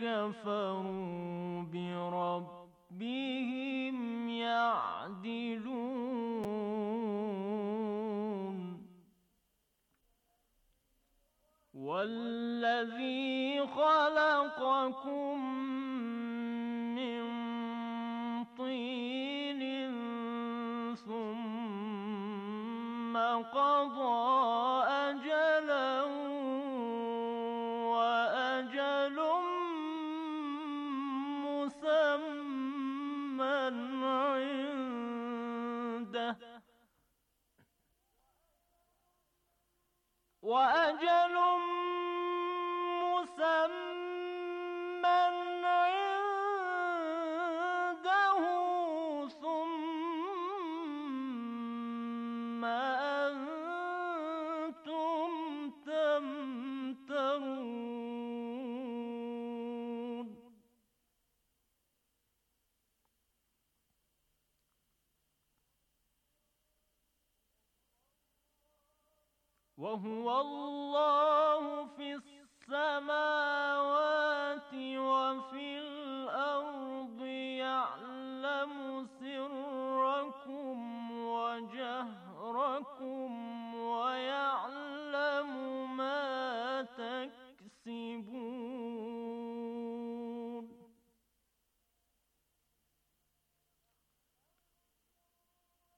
كفروا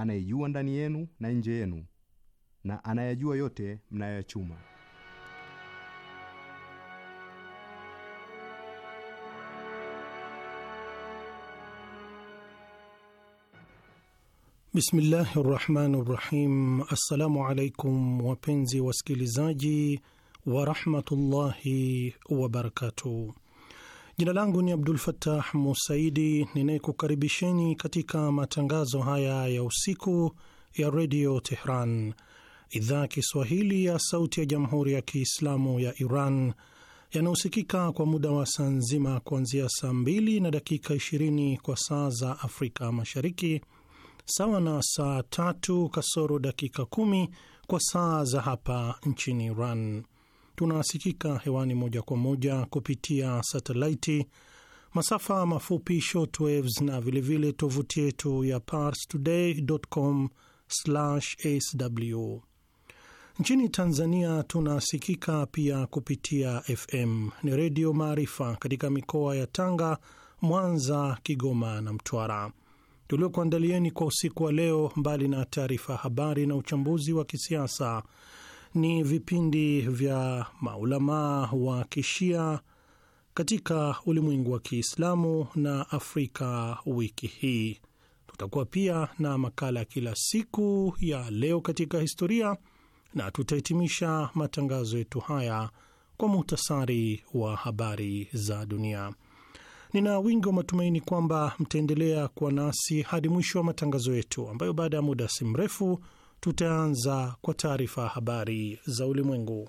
anayejua ndani yenu na nje yenu na anayajua yote mnayoyachuma. Bismillahi rahmani rahim. Assalamu alaikum wapenzi wasikilizaji warahmatullahi wabarakatuh. Jina langu ni Abdul Fatah Musaidi ninayekukaribisheni katika matangazo haya ya usiku ya Redio Tehran, idhaa Kiswahili ya sauti ya Jamhuri ya Kiislamu ya Iran, yanayosikika kwa muda wa saa nzima kuanzia saa mbili na dakika 20 kwa saa za Afrika Mashariki, sawa na saa tatu kasoro dakika kumi kwa saa za hapa nchini Iran. Tunasikika hewani moja kwa moja kupitia satelaiti, masafa mafupi shortwaves na vilevile tovuti yetu ya parstoday.com/sw. Nchini Tanzania tunasikika pia kupitia FM ni Redio Maarifa katika mikoa ya Tanga, Mwanza, Kigoma na Mtwara. Tuliokuandalieni kwa usiku wa leo, mbali na taarifa habari na uchambuzi wa kisiasa ni vipindi vya maulamaa wa kishia katika ulimwengu wa Kiislamu na Afrika. Wiki hii tutakuwa pia na makala ya kila siku ya leo katika historia, na tutahitimisha matangazo yetu haya kwa muhtasari wa habari za dunia. Nina wingi wa matumaini kwamba mtaendelea kuwa nasi hadi mwisho wa matangazo yetu ambayo baada ya muda si mrefu Tutaanza kwa taarifa ya habari za ulimwengu.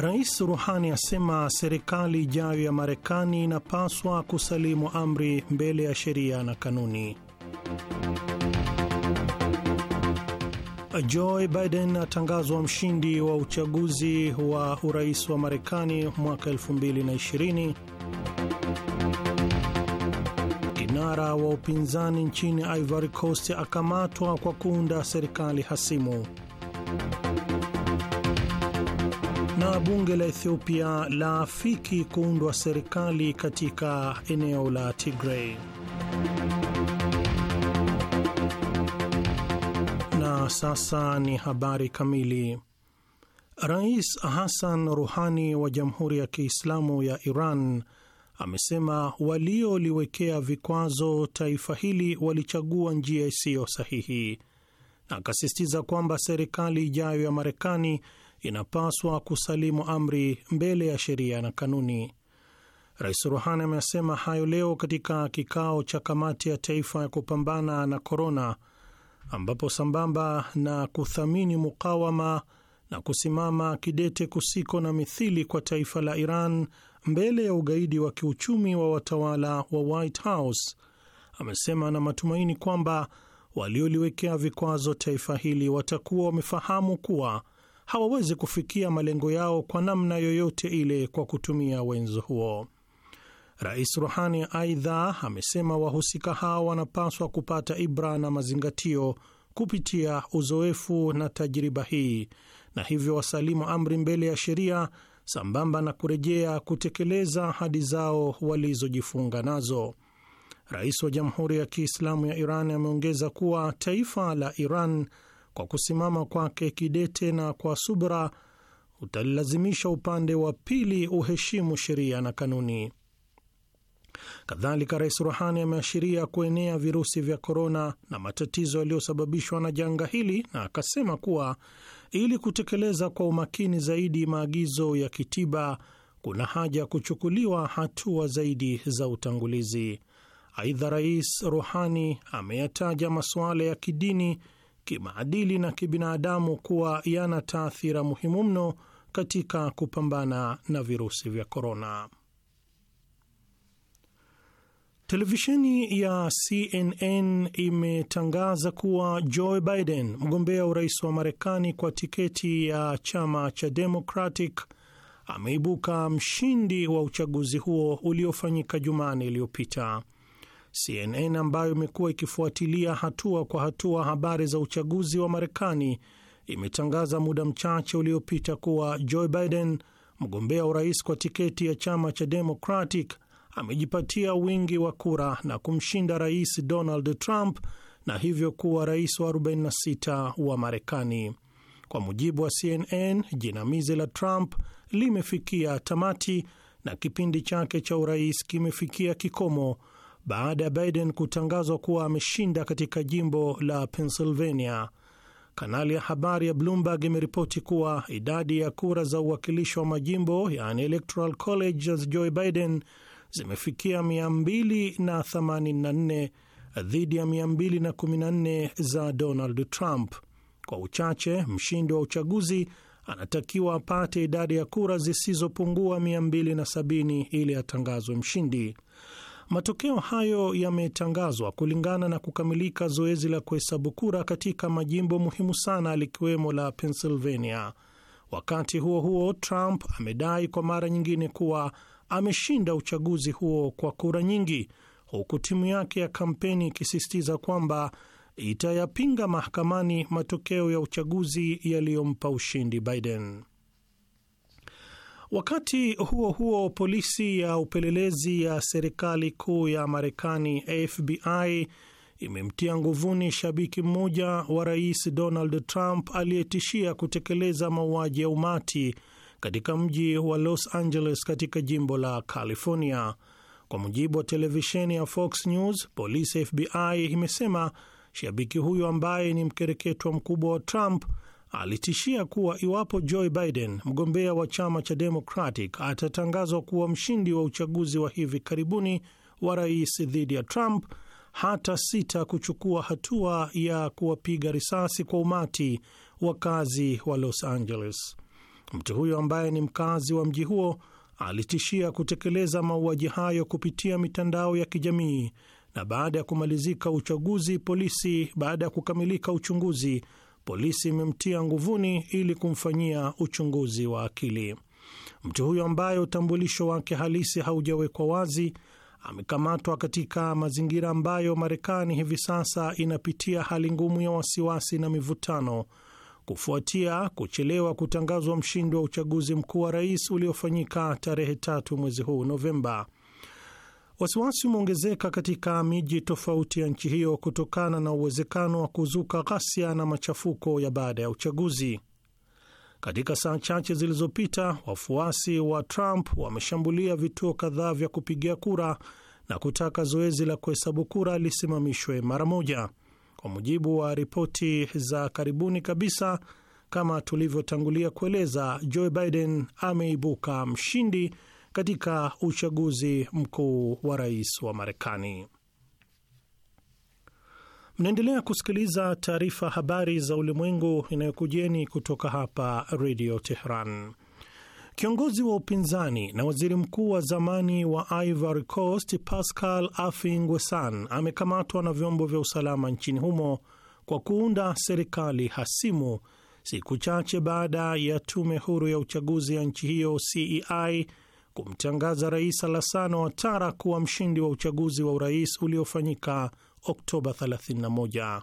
Rais Ruhani asema serikali ijayo ya Marekani inapaswa kusalimu amri mbele ya sheria na kanuni. Joe Biden atangazwa mshindi wa uchaguzi wa urais wa Marekani mwaka 2020. Kinara wa upinzani nchini Ivory Coast akamatwa kwa kuunda serikali hasimu. Na bunge la Ethiopia laafiki kuundwa serikali katika eneo la Tigray. Na sasa ni habari kamili. Rais Hassan Rouhani wa Jamhuri ya Kiislamu ya Iran amesema walioliwekea vikwazo taifa hili walichagua njia isiyo sahihi, na akasisitiza kwamba serikali ijayo ya Marekani inapaswa kusalimu amri mbele ya sheria na kanuni. Rais Ruhani amesema hayo leo katika kikao cha kamati ya taifa ya kupambana na korona, ambapo sambamba na kuthamini mukawama na kusimama kidete kusiko na mithili kwa taifa la Iran mbele ya ugaidi wa kiuchumi wa watawala wa White House, amesema na matumaini kwamba walioliwekea vikwazo taifa hili watakuwa wamefahamu kuwa hawawezi kufikia malengo yao kwa namna yoyote ile kwa kutumia wenzo huo. Rais Rohani aidha amesema wahusika hao wanapaswa kupata ibra na mazingatio kupitia uzoefu na tajriba hii, na hivyo wasalimu amri mbele ya sheria, sambamba na kurejea kutekeleza ahadi zao walizojifunga nazo. Rais wa Jamhuri ya Kiislamu ya Iran ameongeza kuwa taifa la Iran kwa kusimama kwake kidete na kwa subra utalazimisha upande wa pili uheshimu sheria na kanuni. Kadhalika, Rais Ruhani ameashiria kuenea virusi vya korona na matatizo yaliyosababishwa na janga hili, na akasema kuwa ili kutekeleza kwa umakini zaidi maagizo ya kitiba kuna haja ya kuchukuliwa hatua zaidi za utangulizi. Aidha, Rais Ruhani ameyataja masuala ya kidini kimaadili na kibinadamu kuwa yana taathira muhimu mno katika kupambana na virusi vya korona. Televisheni ya CNN imetangaza kuwa Joe Biden, mgombea urais wa Marekani kwa tiketi ya chama cha Democratic, ameibuka mshindi wa uchaguzi huo uliofanyika Jumani iliyopita. CNN ambayo imekuwa ikifuatilia hatua kwa hatua habari za uchaguzi wa Marekani imetangaza muda mchache uliopita kuwa Joe Biden, mgombea urais kwa tiketi ya chama cha Democratic, amejipatia wingi wa kura na kumshinda Rais Donald Trump na hivyo kuwa rais wa 46 wa Marekani. Kwa mujibu wa CNN, jinamizi la Trump limefikia tamati na kipindi chake cha urais kimefikia kikomo baada ya Biden kutangazwa kuwa ameshinda katika jimbo la Pennsylvania. Kanali ya habari ya Bloomberg imeripoti kuwa idadi ya kura za uwakilishi wa majimbo yani electoral college za Joe Biden zimefikia 284 dhidi ya 214 za Donald Trump. Kwa uchache, mshindi wa uchaguzi anatakiwa apate idadi ya kura zisizopungua 270 ili atangazwe mshindi. Matokeo hayo yametangazwa kulingana na kukamilika zoezi la kuhesabu kura katika majimbo muhimu sana likiwemo la Pennsylvania. Wakati huo huo, Trump amedai kwa mara nyingine kuwa ameshinda uchaguzi huo kwa kura nyingi, huku timu yake ya kampeni ikisisitiza kwamba itayapinga mahakamani matokeo ya uchaguzi yaliyompa ushindi Biden. Wakati huo huo, polisi ya upelelezi ya serikali kuu ya Marekani FBI imemtia nguvuni shabiki mmoja wa Rais Donald Trump aliyetishia kutekeleza mauaji ya umati katika mji wa Los Angeles katika jimbo la California. Kwa mujibu wa televisheni ya Fox News, polisi FBI imesema shabiki huyo ambaye ni mkereketwa mkubwa wa Trump alitishia kuwa iwapo Joe Biden, mgombea wa chama cha Democratic, atatangazwa kuwa mshindi wa uchaguzi wa hivi karibuni wa rais dhidi ya Trump, hata sita kuchukua hatua ya kuwapiga risasi kwa umati wakazi wa Los Angeles. Mtu huyo ambaye ni mkazi wa mji huo alitishia kutekeleza mauaji hayo kupitia mitandao ya kijamii, na baada ya kumalizika uchaguzi, polisi, baada ya kukamilika uchunguzi, polisi imemtia nguvuni ili kumfanyia uchunguzi wa akili. Mtu huyo ambaye utambulisho wake halisi haujawekwa wazi amekamatwa katika mazingira ambayo Marekani hivi sasa inapitia hali ngumu ya wasiwasi na mivutano kufuatia kuchelewa kutangazwa mshindi wa uchaguzi mkuu wa rais uliofanyika tarehe tatu mwezi huu Novemba. Wasiwasi umeongezeka katika miji tofauti ya nchi hiyo kutokana na uwezekano wa kuzuka ghasia na machafuko ya baada ya uchaguzi. Katika saa chache zilizopita, wafuasi wa Trump wameshambulia vituo kadhaa vya kupigia kura na kutaka zoezi la kuhesabu kura lisimamishwe mara moja. Kwa mujibu wa ripoti za karibuni kabisa, kama tulivyotangulia kueleza, Joe Biden ameibuka mshindi katika uchaguzi mkuu wa rais wa Marekani. Mnaendelea kusikiliza taarifa habari za ulimwengu inayokujeni kutoka hapa redio Tehran. Kiongozi wa upinzani na waziri mkuu wa zamani wa Ivory Coast Pascal Affi N'Guessan amekamatwa na vyombo vya usalama nchini humo kwa kuunda serikali hasimu siku chache baada ya tume huru ya uchaguzi ya nchi hiyo CEI kumtangaza Rais Alassane Ouattara kuwa mshindi wa uchaguzi wa urais uliofanyika Oktoba 31.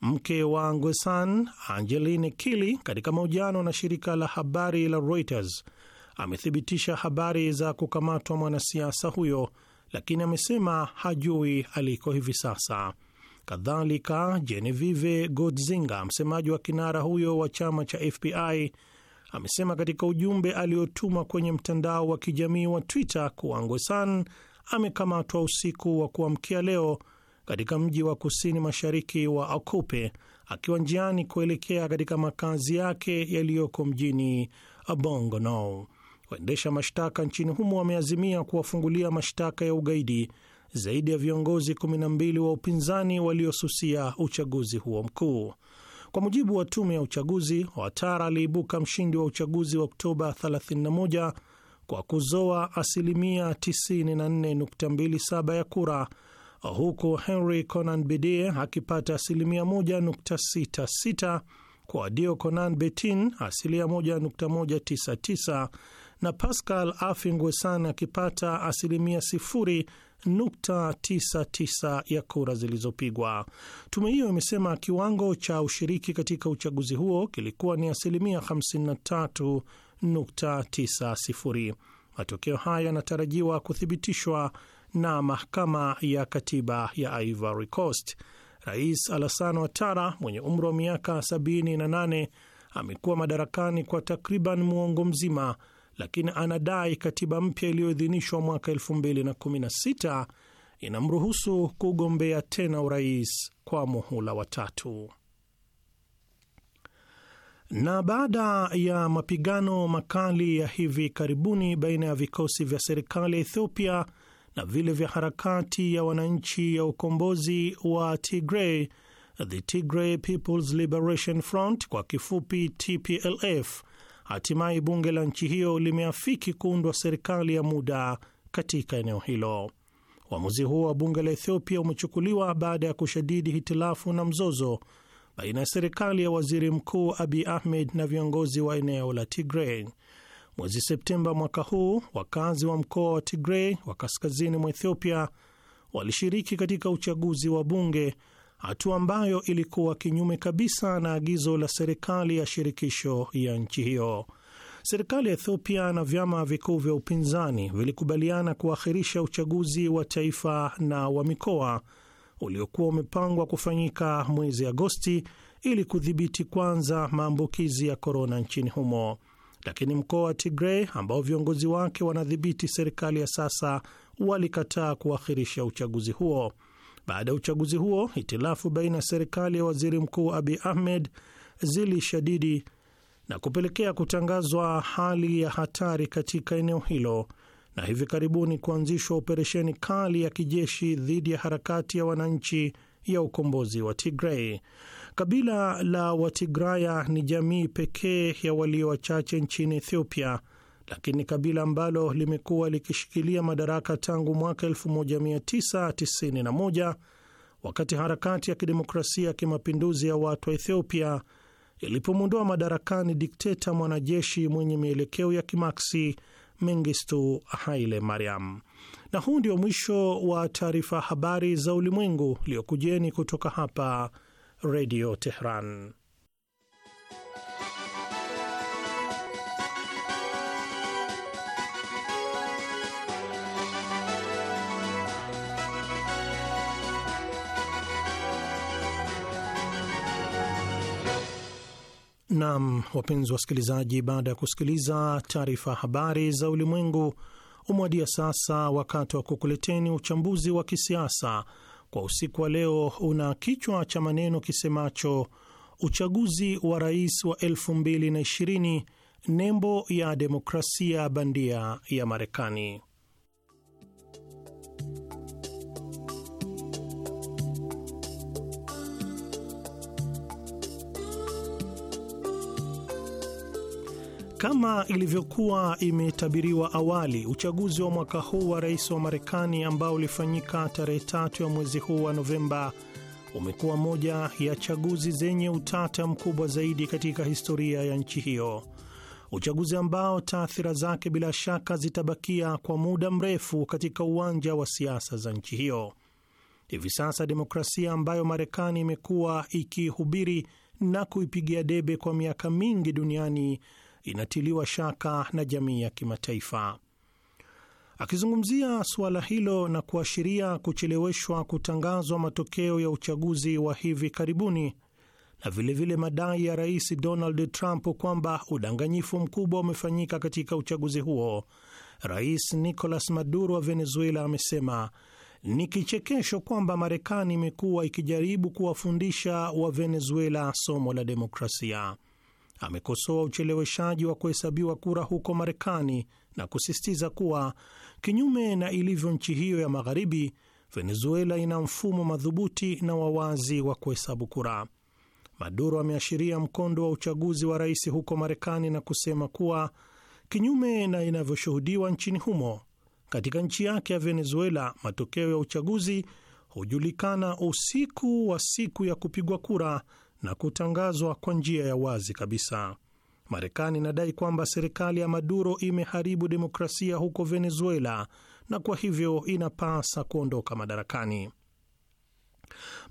Mke wa nguesan Angeline Kili, katika mahojiano na shirika la habari la Reuters amethibitisha habari za kukamatwa mwanasiasa huyo, lakini amesema hajui aliko hivi sasa. Kadhalika, Genevieve Godzinga, msemaji wa kinara huyo wa chama cha FPI amesema katika ujumbe aliotuma kwenye mtandao wa kijamii wa Twitter kuwa Ngosan amekamatwa usiku wa kuamkia leo katika mji wa kusini mashariki wa Akupe akiwa njiani kuelekea katika makazi yake yaliyoko mjini Bongonou. Waendesha mashtaka nchini humo wameazimia kuwafungulia mashtaka ya ugaidi zaidi ya viongozi 12 wa upinzani waliosusia uchaguzi huo mkuu. Kwa mujibu wa tume ya uchaguzi, Watara aliibuka mshindi wa uchaguzi wa Oktoba 31 kwa kuzoa asilimia 94.27 ya kura huku Henry Conan Bedie akipata asilimia 1.66 kwa Dio Conan Betin asilia 1.199 na Pascal Afingwesan akipata asilimia 99 ya kura zilizopigwa. Tume hiyo imesema kiwango cha ushiriki katika uchaguzi huo kilikuwa ni asilimia 53.90. Matokeo haya yanatarajiwa kuthibitishwa na mahakama ya katiba ya Ivory Coast. Rais Alassane Ouattara mwenye umri wa miaka 78 amekuwa madarakani kwa takriban muongo mzima lakini anadai katiba mpya iliyoidhinishwa mwaka 2016 inamruhusu kugombea tena urais kwa muhula wa tatu. Na baada ya mapigano makali ya hivi karibuni baina ya vikosi vya serikali ya Ethiopia na vile vya harakati ya wananchi ya ukombozi wa Tigray, the Tigray People's Liberation Front, kwa kifupi TPLF hatimaye bunge la nchi hiyo limeafiki kuundwa serikali ya muda katika eneo hilo. Uamuzi huo wa bunge la Ethiopia umechukuliwa baada ya kushadidi hitilafu na mzozo baina ya serikali ya waziri mkuu Abi Ahmed na viongozi wa eneo la Tigrey. Mwezi Septemba mwaka huu, wakazi wa mkoa wa Tigrey wa kaskazini mwa Ethiopia walishiriki katika uchaguzi wa bunge hatua ambayo ilikuwa kinyume kabisa na agizo la serikali ya shirikisho ya nchi hiyo. Serikali ya Ethiopia na vyama vikuu vya upinzani vilikubaliana kuahirisha uchaguzi wa taifa na wa mikoa uliokuwa umepangwa kufanyika mwezi Agosti ili kudhibiti kwanza maambukizi ya korona nchini humo, lakini mkoa wa tigre ambao viongozi wake wanadhibiti serikali ya sasa walikataa kuahirisha uchaguzi huo. Baada ya uchaguzi huo, itilafu baina ya serikali ya waziri mkuu Abi Ahmed zilishadidi na kupelekea kutangazwa hali ya hatari katika eneo hilo na hivi karibuni kuanzishwa operesheni kali ya kijeshi dhidi ya harakati ya wananchi ya ukombozi wa Tigrei. Kabila la Watigraya ni jamii pekee ya walio wachache nchini Ethiopia lakini kabila ambalo limekuwa likishikilia madaraka tangu mwaka 1991 wakati harakati ya kidemokrasia ya kimapinduzi ya watu wa Ethiopia ilipomwondoa madarakani dikteta mwanajeshi mwenye mielekeo ya kimaksi Mengistu Haile Mariam. Na huu ndio mwisho wa taarifa habari za ulimwengu iliyokujeni kutoka hapa Redio Tehran. Naam, wapenzi wasikilizaji, baada ya kusikiliza taarifa habari za ulimwengu, umewadia sasa wakati wa kukuleteni uchambuzi wa kisiasa kwa usiku wa leo. Una kichwa cha maneno kisemacho uchaguzi wa rais wa 2020 nembo ya demokrasia bandia ya Marekani. Kama ilivyokuwa imetabiriwa awali, uchaguzi wa mwaka huu wa rais wa Marekani ambao ulifanyika tarehe tatu ya mwezi huu wa Novemba umekuwa moja ya chaguzi zenye utata mkubwa zaidi katika historia ya nchi hiyo, uchaguzi ambao taathira zake bila shaka zitabakia kwa muda mrefu katika uwanja wa siasa za nchi hiyo. Hivi sasa demokrasia ambayo Marekani imekuwa ikihubiri na kuipigia debe kwa miaka mingi duniani inatiliwa shaka na jamii ya kimataifa. Akizungumzia suala hilo na kuashiria kucheleweshwa kutangazwa matokeo ya uchaguzi wa hivi karibuni na vilevile vile madai ya Rais Donald Trump kwamba udanganyifu mkubwa umefanyika katika uchaguzi huo, Rais Nicolas Maduro wa Venezuela amesema ni kichekesho kwamba Marekani imekuwa ikijaribu kuwafundisha wa Venezuela somo la demokrasia amekosoa ucheleweshaji wa kuhesabiwa kura huko Marekani na kusisitiza kuwa kinyume na ilivyo nchi hiyo ya magharibi, Venezuela ina mfumo madhubuti na wawazi wa kuhesabu kura. Maduro ameashiria mkondo wa uchaguzi wa rais huko Marekani na kusema kuwa kinyume na inavyoshuhudiwa nchini humo, katika nchi yake ya Venezuela matokeo ya uchaguzi hujulikana usiku wa siku ya kupigwa kura na kutangazwa kwa njia ya wazi kabisa. Marekani inadai kwamba serikali ya Maduro imeharibu demokrasia huko Venezuela na kwa hivyo inapasa kuondoka madarakani.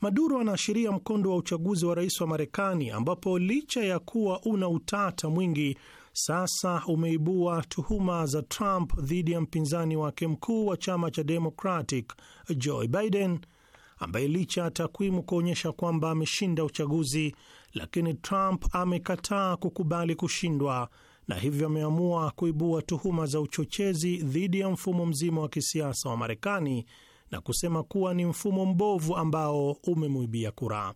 Maduro anaashiria mkondo wa uchaguzi wa rais wa Marekani ambapo licha ya kuwa una utata mwingi sasa umeibua tuhuma za Trump dhidi ya mpinzani wake mkuu wa chama cha Democratic Joe Biden ambaye licha ya takwimu kuonyesha kwamba ameshinda uchaguzi, lakini Trump amekataa kukubali kushindwa na hivyo ameamua kuibua tuhuma za uchochezi dhidi ya mfumo mzima wa kisiasa wa Marekani na kusema kuwa ni mfumo mbovu ambao umemwibia kura.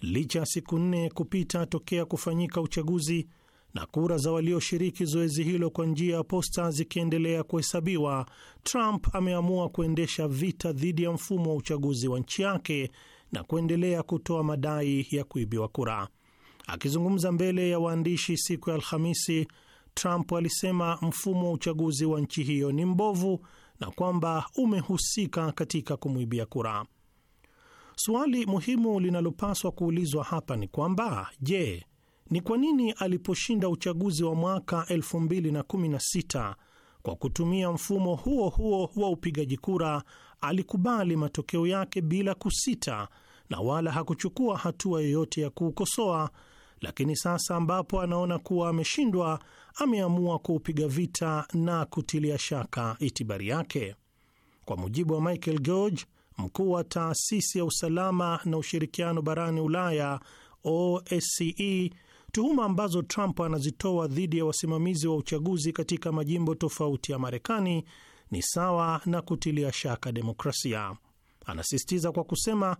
Licha ya siku nne kupita tokea kufanyika uchaguzi, na kura za walioshiriki zoezi hilo kwa njia ya posta zikiendelea kuhesabiwa, Trump ameamua kuendesha vita dhidi ya mfumo wa uchaguzi wa nchi yake na kuendelea kutoa madai ya kuibiwa kura. Akizungumza mbele ya waandishi siku ya Alhamisi, Trump alisema mfumo wa uchaguzi wa nchi hiyo ni mbovu na kwamba umehusika katika kumwibia kura. Suali muhimu linalopaswa kuulizwa hapa ni kwamba je, ni kwa nini aliposhinda uchaguzi wa mwaka 2016 kwa kutumia mfumo huo huo wa upigaji kura alikubali matokeo yake bila kusita na wala hakuchukua hatua yoyote ya kuukosoa, lakini sasa ambapo anaona kuwa ameshindwa, ameamua kuupiga vita na kutilia shaka itibari yake. Kwa mujibu wa Michael George, mkuu wa taasisi ya usalama na ushirikiano barani Ulaya OSCE tuhuma ambazo Trump anazitoa dhidi ya wasimamizi wa uchaguzi katika majimbo tofauti ya Marekani ni sawa na kutilia shaka demokrasia. Anasisitiza kwa kusema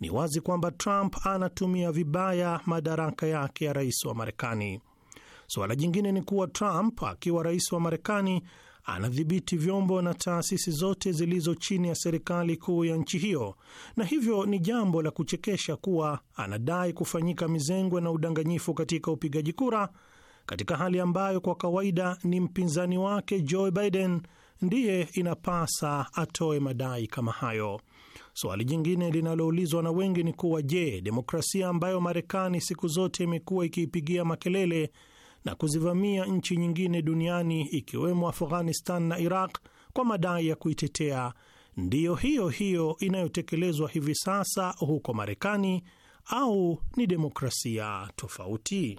ni wazi kwamba Trump anatumia vibaya madaraka yake ya rais wa Marekani. Suala jingine ni kuwa Trump akiwa rais wa Marekani anadhibiti vyombo na taasisi zote zilizo chini ya serikali kuu ya nchi hiyo, na hivyo ni jambo la kuchekesha kuwa anadai kufanyika mizengwe na udanganyifu katika upigaji kura, katika hali ambayo kwa kawaida ni mpinzani wake Joe Biden ndiye inapasa atoe madai kama hayo. Swali jingine linaloulizwa na wengi ni kuwa je, demokrasia ambayo Marekani siku zote imekuwa ikiipigia makelele na kuzivamia nchi nyingine duniani ikiwemo Afghanistan na Iraq kwa madai ya kuitetea, ndiyo hiyo hiyo inayotekelezwa hivi sasa huko Marekani au ni demokrasia tofauti?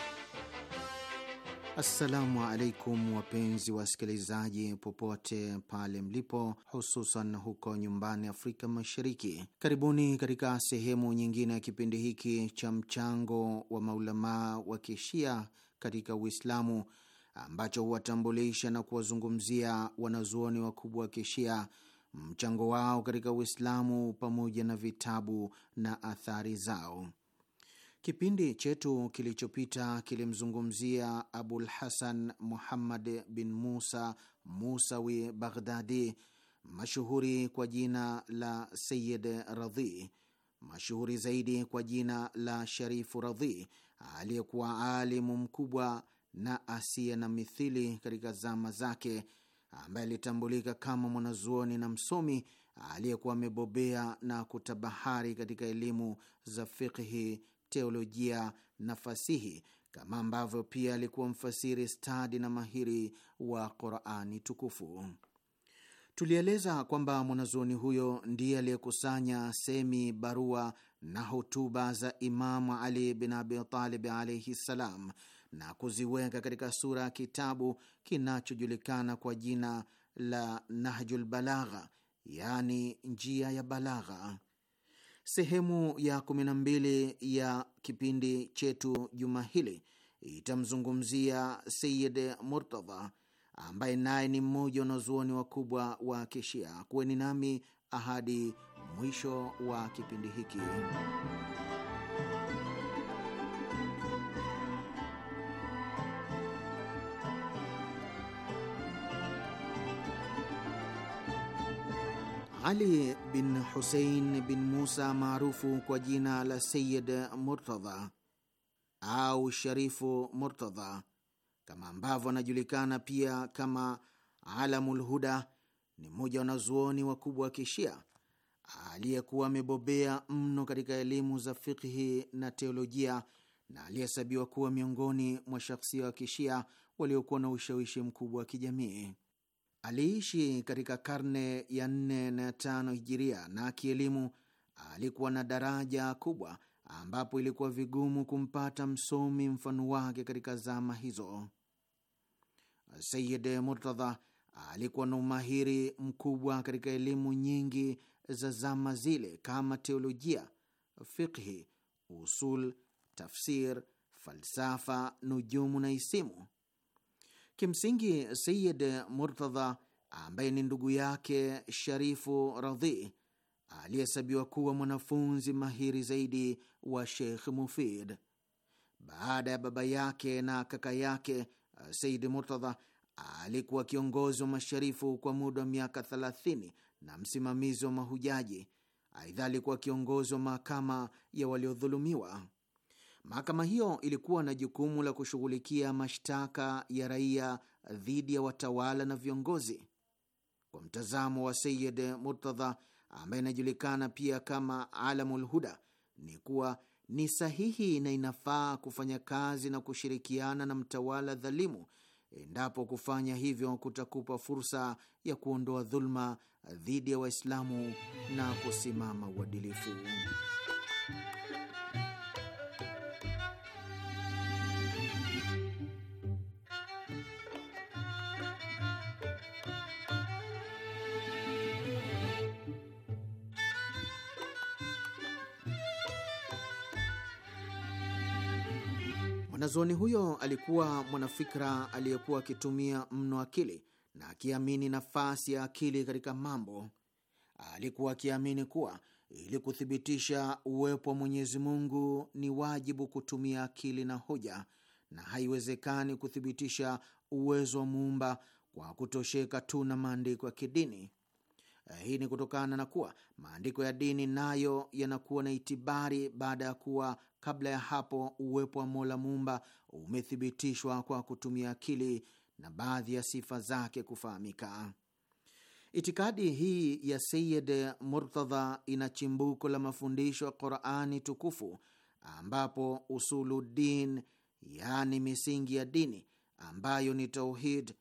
Assalamu alaikum wapenzi wasikilizaji, popote pale mlipo, hususan huko nyumbani Afrika Mashariki. Karibuni katika sehemu nyingine ya kipindi hiki cha mchango wa maulamaa wa kishia katika Uislamu, ambacho huwatambulisha na kuwazungumzia wanazuoni wakubwa wa kishia, mchango wao katika Uislamu pamoja na vitabu na athari zao. Kipindi chetu kilichopita kilimzungumzia Abul Hasan Muhammad bin Musa Musawi Baghdadi, mashuhuri kwa jina la Sayid Radhi, mashuhuri zaidi kwa jina la Sharifu Radhi, aliyekuwa alimu mkubwa na asiye na mithili katika zama zake, ambaye alitambulika kama mwanazuoni na msomi aliyekuwa amebobea na kutabahari katika elimu za fiqhi teolojia na fasihi, kama ambavyo pia alikuwa mfasiri stadi na mahiri wa Qurani Tukufu. Tulieleza kwamba mwanazuoni huyo ndiye aliyekusanya semi, barua na hotuba za Imamu Ali bin Abi Talib alaihi ssalam na kuziweka katika sura ya kitabu kinachojulikana kwa jina la Nahjul Balagha, yaani njia ya balagha. Sehemu ya 12 ya kipindi chetu juma hili itamzungumzia Sayid Murtadha ambaye naye ni mmoja wanazuoni wakubwa wa Kishia. Kuweni nami ahadi mwisho wa kipindi hiki. Ali bin Husein bin Musa maarufu kwa jina la Sayid Murtadha au Sharifu Murtadha kama ambavyo anajulikana pia kama Alamul Huda ni mmoja wa wanazuoni wakubwa wa Kishia aliyekuwa amebobea mno katika elimu za fikhi na teolojia na aliyehesabiwa kuwa miongoni mwa shakhsia wa Kishia waliokuwa na ushawishi mkubwa wa kijamii. Aliishi katika karne ya nne na tano hijiria, na kielimu alikuwa na daraja kubwa, ambapo ilikuwa vigumu kumpata msomi mfano wake katika zama hizo. Sayid Murtadha alikuwa na umahiri mkubwa katika elimu nyingi za zama zile kama teolojia, fikhi, usul, tafsir, falsafa, nujumu na isimu. Kimsingi, Sayid Murtadha ambaye ni ndugu yake Sharifu Radhi aliyehesabiwa kuwa mwanafunzi mahiri zaidi wa Sheikh Mufid. Baada ya baba yake na kaka yake, Sayid Murtadha alikuwa kiongozi wa masharifu kwa muda wa miaka 30 na msimamizi wa mahujaji. Aidha, alikuwa kiongozi wa mahakama ya waliodhulumiwa. Mahakama hiyo ilikuwa na jukumu la kushughulikia mashtaka ya raia dhidi ya watawala na viongozi. Kwa mtazamo wa Sayid Murtadha ambaye inajulikana pia kama Alamul Huda ni kuwa ni sahihi na inafaa kufanya kazi na kushirikiana na mtawala dhalimu endapo kufanya hivyo kutakupa fursa ya kuondoa dhuluma dhidi ya Waislamu na kusimama uadilifu. Mwanazoni huyo alikuwa mwanafikra aliyekuwa akitumia mno akili na akiamini nafasi ya akili katika mambo. Alikuwa akiamini kuwa ili kuthibitisha uwepo wa Mwenyezi Mungu ni wajibu kutumia akili na hoja, na haiwezekani kuthibitisha uwezo wa muumba kwa kutosheka tu na maandiko ya kidini. Hii ni kutokana na kuwa maandiko ya dini nayo yanakuwa na itibari baada ya kuwa kabla ya hapo uwepo wa Mola muumba umethibitishwa kwa kutumia akili na baadhi ya sifa zake kufahamika. Itikadi hii ya Sayid Murtadha ina chimbuko la mafundisho ya Qurani tukufu ambapo usuludin yaani misingi ya dini ambayo ni tauhid,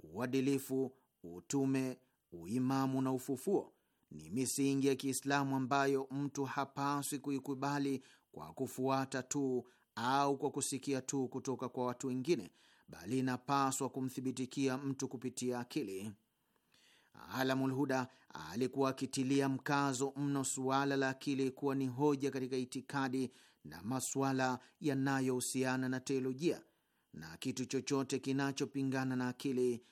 uadilifu, utume uimamu na ufufuo ni misingi ya Kiislamu ambayo mtu hapaswi kuikubali kwa kufuata tu au kwa kusikia tu kutoka kwa watu wengine, bali inapaswa kumthibitikia mtu kupitia akili. Alamul Huda alikuwa akitilia mkazo mno suala la akili kuwa ni hoja katika itikadi na masuala yanayohusiana na teolojia, na kitu chochote kinachopingana na akili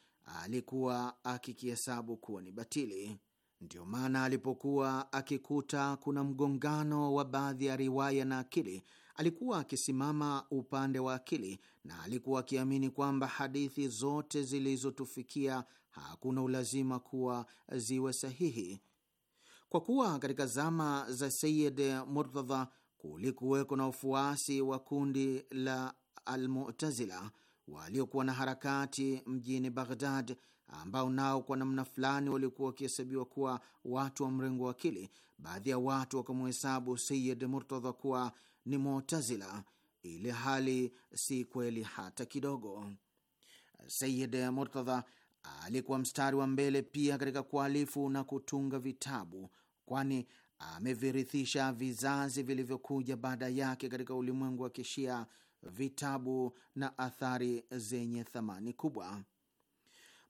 alikuwa akikihesabu kuwa ni batili. Ndiyo maana alipokuwa akikuta kuna mgongano wa baadhi ya riwaya na akili, alikuwa akisimama upande wa akili, na alikuwa akiamini kwamba hadithi zote zilizotufikia hakuna ulazima kuwa ziwe sahihi, kwa kuwa katika zama za Sayid Murtadha kulikuweko na ufuasi wa kundi la Almutazila waliokuwa na harakati mjini Baghdad, ambao nao kwa namna fulani walikuwa wakihesabiwa kuwa watu wa mrengo wa akili. Baadhi ya watu wakamhesabu Sayid Murtadha kuwa ni Mutazila, ili hali si kweli hata kidogo. Sayid Murtadha alikuwa mstari wa mbele pia katika kualifu na kutunga vitabu, kwani amevirithisha vizazi vilivyokuja baada yake katika ulimwengu wa Kishia vitabu na athari zenye thamani kubwa.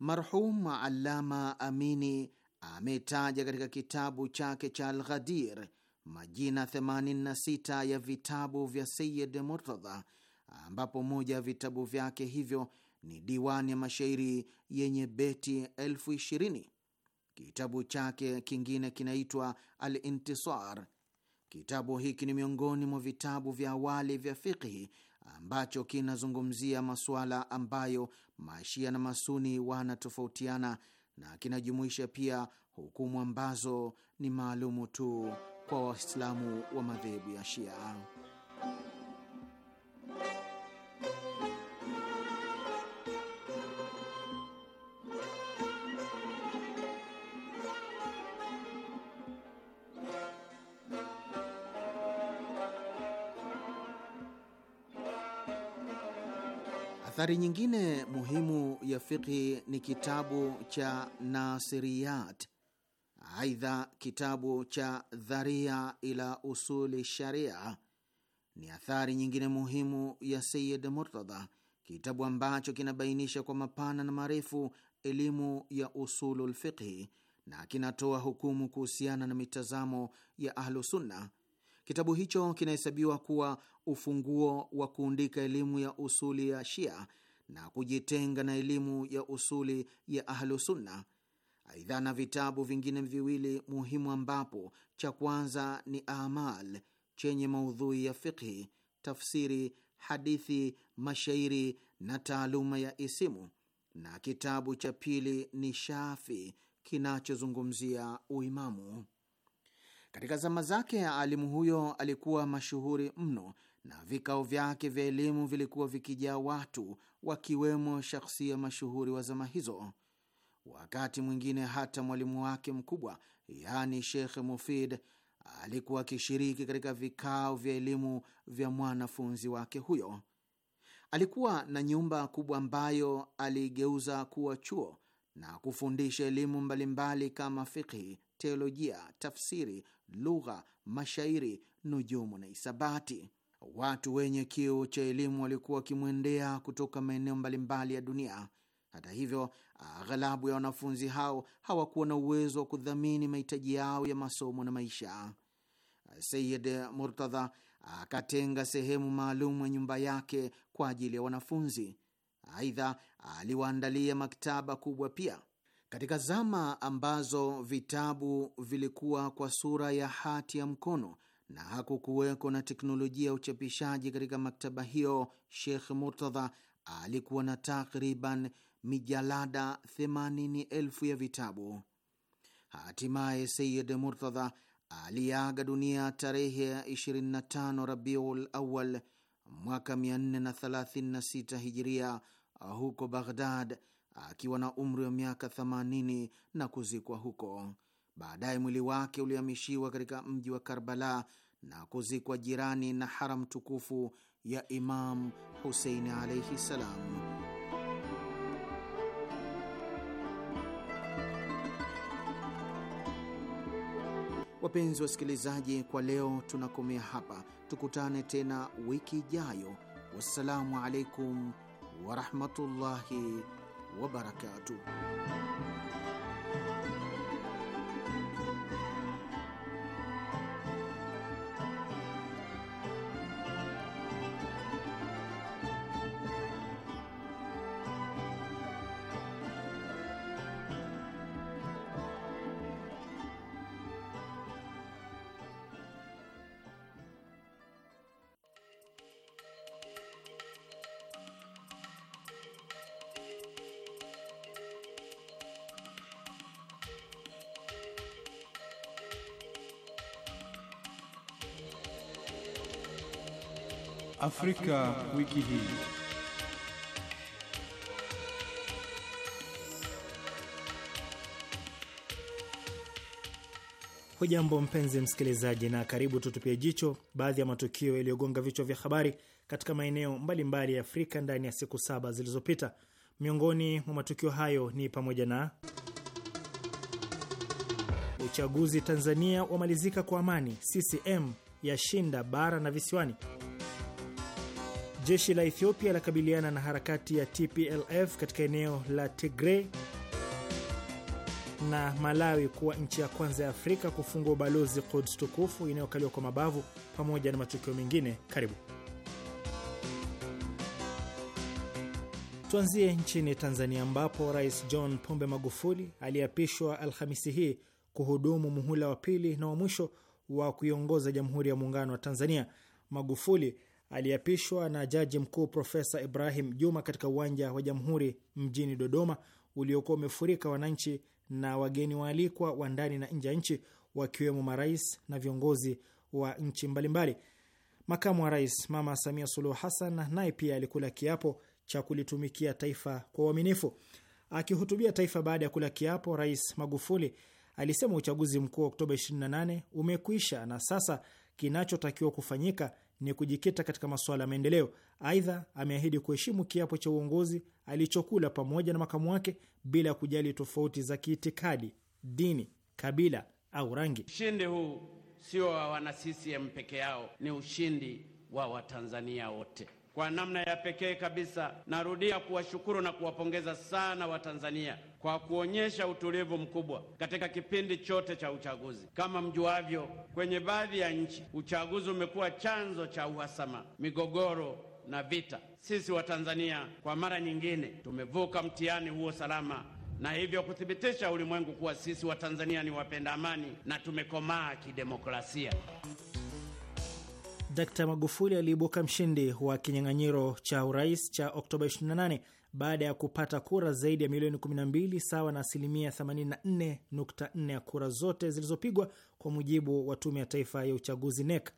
Marhum Allama Amini ametaja katika kitabu chake cha Alghadir majina 86 ya vitabu vya Sayid Murtadha, ambapo moja ya vitabu vyake hivyo ni diwani ya mashairi yenye beti elfu ishirini. Kitabu chake kingine kinaitwa alintisar Kitabu hiki ni miongoni mwa vitabu vya awali vya fikhi ambacho kinazungumzia masuala ambayo mashia na masuni wanatofautiana na kinajumuisha pia hukumu ambazo ni maalumu tu kwa Waislamu wa madhehebu ya Shia. Athari nyingine muhimu ya fiqhi ni kitabu cha Nasiriyat. Aidha, kitabu cha Dharia ila Usuli Sharia ni athari nyingine muhimu ya Sayid Murtadha, kitabu ambacho kinabainisha kwa mapana na marefu elimu ya usulul fiqhi na kinatoa hukumu kuhusiana na mitazamo ya Ahlusunna. Kitabu hicho kinahesabiwa kuwa ufunguo wa kuundika elimu ya usuli ya Shia na kujitenga na elimu ya usuli ya Ahlusunna. Aidha, na vitabu vingine viwili muhimu, ambapo cha kwanza ni Amal chenye maudhui ya fiqhi, tafsiri, hadithi, mashairi na taaluma ya isimu, na kitabu cha pili ni Shafi kinachozungumzia uimamu. Katika zama zake alimu huyo alikuwa mashuhuri mno na vikao vyake vya elimu vilikuwa vikijaa watu wakiwemo shakhsia mashuhuri wa zama hizo. Wakati mwingine hata mwalimu wake mkubwa, yaani Shekh Mufid, alikuwa akishiriki katika vikao vya elimu vya mwanafunzi wake huyo. Alikuwa na nyumba kubwa ambayo aliigeuza kuwa chuo na kufundisha elimu mbalimbali kama fikhi, teolojia, tafsiri, lugha, mashairi, nujumu na isabati. Watu wenye kiu cha elimu walikuwa wakimwendea kutoka maeneo mbalimbali ya dunia. Hata hivyo, aghalabu ya wanafunzi hao hawakuwa na uwezo wa kudhamini mahitaji yao ya masomo na maisha. Sayid Murtadha akatenga sehemu maalum ya nyumba yake kwa ajili ya wanafunzi. Aidha, aliwaandalia maktaba kubwa pia katika zama ambazo vitabu vilikuwa kwa sura ya hati ya mkono na hakukuweko na teknolojia ya uchapishaji katika maktaba hiyo, Sheikh Murtadha alikuwa na takriban mijalada themanini ya vitabu. Hatimaye Sayid Murtadha aliaga dunia tarehe ya 25 Rabiul Awal mwaka 436 Hijiria huko Baghdad akiwa na umri wa miaka 80 na kuzikwa huko. Baadaye mwili wake ulihamishiwa katika mji wa Karbala na kuzikwa jirani na haram tukufu ya Imam Huseini alaihi salam. Wapenzi wasikilizaji, kwa leo tunakomea hapa, tukutane tena wiki ijayo. Wassalamu alaikum warahmatullahi wabarakatuh. Afrika wiki hii. Hujambo mpenzi msikilizaji, na karibu tutupie jicho baadhi ya matukio yaliyogonga vichwa vya habari katika maeneo mbalimbali ya Afrika ndani ya siku saba zilizopita. Miongoni mwa matukio hayo ni pamoja na uchaguzi Tanzania wamalizika kwa amani, CCM yashinda bara na visiwani Jeshi la Ethiopia lakabiliana na harakati ya TPLF katika eneo la Tigray, na Malawi kuwa nchi ya kwanza ya Afrika kufungwa ubalozi Quds tukufu inayokaliwa kwa mabavu, pamoja na matukio mengine. Karibu tuanzie nchini Tanzania, ambapo Rais John Pombe Magufuli aliyeapishwa Alhamisi hii kuhudumu muhula wa pili na wa mwisho wa kuiongoza Jamhuri ya Muungano wa Tanzania. Magufuli aliapishwa na jaji mkuu Profesa Ibrahim Juma katika uwanja wa Jamhuri mjini Dodoma uliokuwa umefurika wananchi na wageni waalikwa wa ndani na nje ya nchi wakiwemo marais na viongozi wa nchi mbalimbali. Makamu wa rais Mama Samia Suluhu Hassan naye pia alikula kiapo cha kulitumikia taifa kwa uaminifu. Akihutubia taifa baada ya kula kiapo, Rais Magufuli alisema uchaguzi mkuu wa Oktoba 28 umekwisha na sasa kinachotakiwa kufanyika ni kujikita katika masuala ya maendeleo. Aidha, ameahidi kuheshimu kiapo cha uongozi alichokula pamoja na makamu wake bila ya kujali tofauti za kiitikadi, dini, kabila au rangi. Ushindi huu sio wa wana CCM peke yao, ni ushindi wa Watanzania wote. Kwa namna ya pekee kabisa, narudia kuwashukuru na kuwapongeza sana Watanzania kwa kuonyesha utulivu mkubwa katika kipindi chote cha uchaguzi. Kama mjuavyo, kwenye baadhi ya nchi uchaguzi umekuwa chanzo cha uhasama, migogoro na vita. Sisi Watanzania kwa mara nyingine tumevuka mtihani huo salama na hivyo kuthibitisha ulimwengu kuwa sisi Watanzania ni wapenda amani na tumekomaa kidemokrasia. Dkt Magufuli aliibuka mshindi wa kinyang'anyiro cha urais cha Oktoba 28 baada ya kupata kura zaidi ya milioni 12 sawa na asilimia 84.4 ya kura zote zilizopigwa kwa mujibu wa tume ya taifa ya uchaguzi NEC.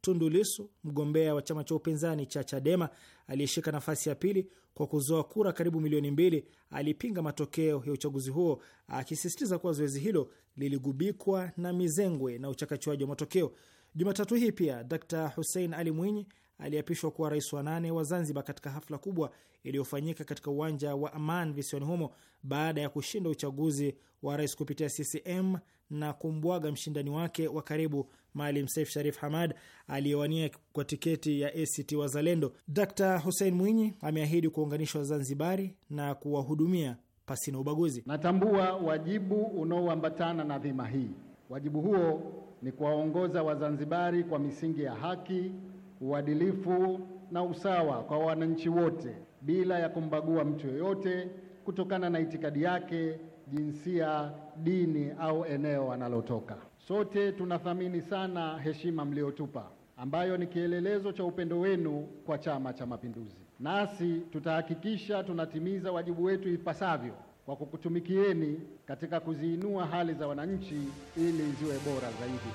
Tundu Lisu, mgombea wa chama cha upinzani cha Chadema aliyeshika nafasi ya pili kwa kuzoa kura karibu milioni mbili, alipinga matokeo ya uchaguzi huo akisisitiza kuwa zoezi hilo liligubikwa na mizengwe na uchakachuaji wa matokeo. Jumatatu hii pia Dr Hussein Ali Mwinyi aliapishwa kuwa rais wa nane wa Zanzibar katika hafla kubwa iliyofanyika katika uwanja wa Aman visiwani humo baada ya kushinda uchaguzi wa rais kupitia CCM na kumbwaga mshindani wake wa karibu Maalim Seif Sharif Hamad aliyewania kwa tiketi ya ACT Wazalendo. Dr Hussein Mwinyi ameahidi kuunganisha Wazanzibari na kuwahudumia pasina ubaguzi. Natambua wajibu unaoambatana na dhima hii. Wajibu huo ni kuwaongoza Wazanzibari kwa misingi ya haki uadilifu na usawa kwa wananchi wote bila ya kumbagua mtu yoyote kutokana na itikadi yake, jinsia, dini au eneo analotoka. Sote tunathamini sana heshima mliotupa ambayo ni kielelezo cha upendo wenu kwa Chama cha Mapinduzi, nasi tutahakikisha tunatimiza wajibu wetu ipasavyo kwa kukutumikieni katika kuziinua hali za wananchi ili ziwe bora zaidi.